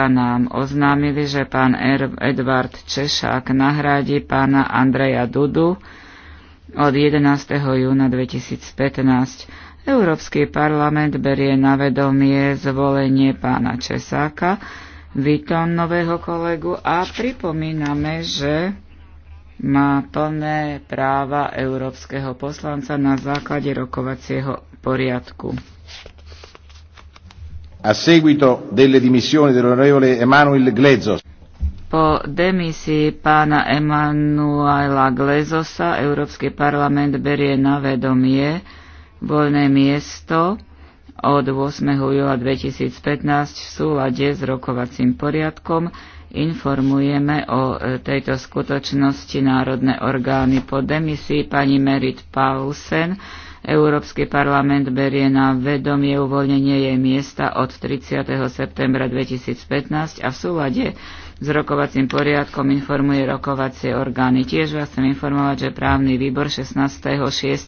nám oznámili, že pán er- Edvard Češák nahradí pána Andreja Dudu od 11. júna 2015. Európsky parlament berie na vedomie zvolenie pána Česáka, vítam nového kolegu a pripomíname, že má plné práva európskeho poslanca na základe rokovacieho poriadku. A seguito delle dimissioni dell'onorevole Emanuel Glezos. Po demisii pána Emanuela Glezosa Európsky parlament berie na vedomie voľné miesto od 8. júla 2015 v súlade s rokovacím poriadkom informujeme o e, tejto skutočnosti národné orgány po demisii pani Merit Paulsen. Európsky parlament berie na vedomie uvoľnenie jej miesta od 30. septembra 2015 a v súlade s rokovacím poriadkom informuje rokovacie orgány. Tiež vás chcem informovať, že právny výbor 16.6.